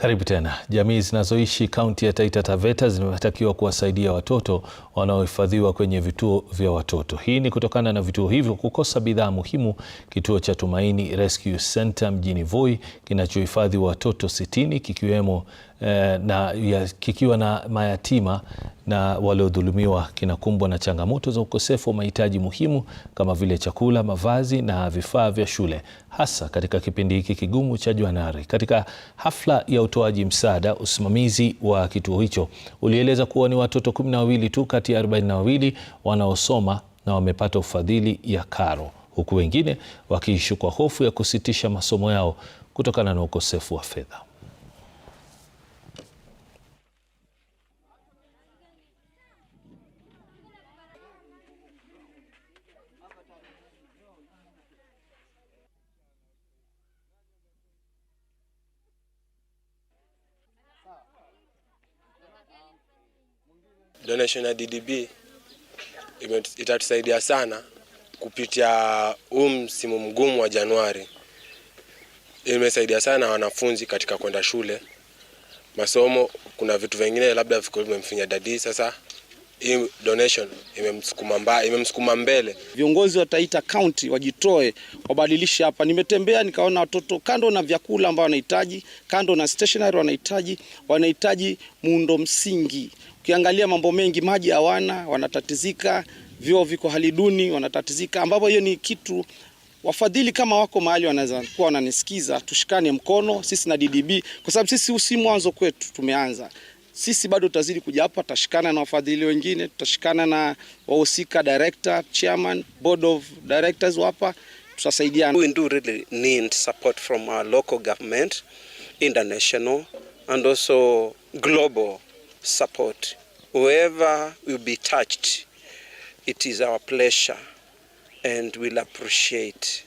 Karibu tena. Jamii zinazoishi kaunti ya Taita Taveta zimetakiwa kuwasaidia watoto wanaohifadhiwa kwenye vituo vya watoto. Hii ni kutokana na vituo hivyo kukosa bidhaa muhimu. Kituo cha Tumaini Rescue Center mjini Voi kinachohifadhi watoto sitini kikiwemo eh, na ya, kikiwa na mayatima na waliodhulumiwa kinakumbwa na changamoto za ukosefu wa mahitaji muhimu kama vile chakula, mavazi na vifaa vya shule, hasa katika kipindi hiki kigumu cha Januari. Katika hafla ya utoaji msaada, usimamizi wa kituo hicho ulieleza kuwa ni watoto kumi na wawili tu kati ya 4wawili wanaosoma na wamepata ufadhili ya karo, huku wengine wakiishi kwa hofu ya kusitisha masomo yao kutokana na ukosefu wa fedha. donation ya DDB itatusaidia sana kupitia huu msimu mgumu wa Januari. Imesaidia sana wanafunzi katika kwenda shule masomo. Kuna vitu vingine labda viko vimemfinya dadi, sasa hii donation imemsukuma mba, imemsukuma mbele. Viongozi wa Taita County wajitoe, wabadilishe hapa. Nimetembea nikaona watoto, kando na vyakula ambao wanahitaji, kando na stationery wanahitaji, wanahitaji muundo msingi. Ukiangalia mambo mengi, maji hawana, wanatatizika, vyoo viko hali duni, wanatatizika, ambapo hiyo ni kitu wafadhili kama wako mahali wanaweza kuwa wananisikiza, tushikane mkono sisi na DDB, kwa sababu sisi si mwanzo kwetu, tumeanza sisi, bado tutazidi kuja hapa, tutashikana na wafadhili wengine, tutashikana na wahusika, director, chairman, board of directors hapa, tutasaidiana. We do really need support from our local government, international and also global support whoever will be touched. It is our pleasure and we'll appreciate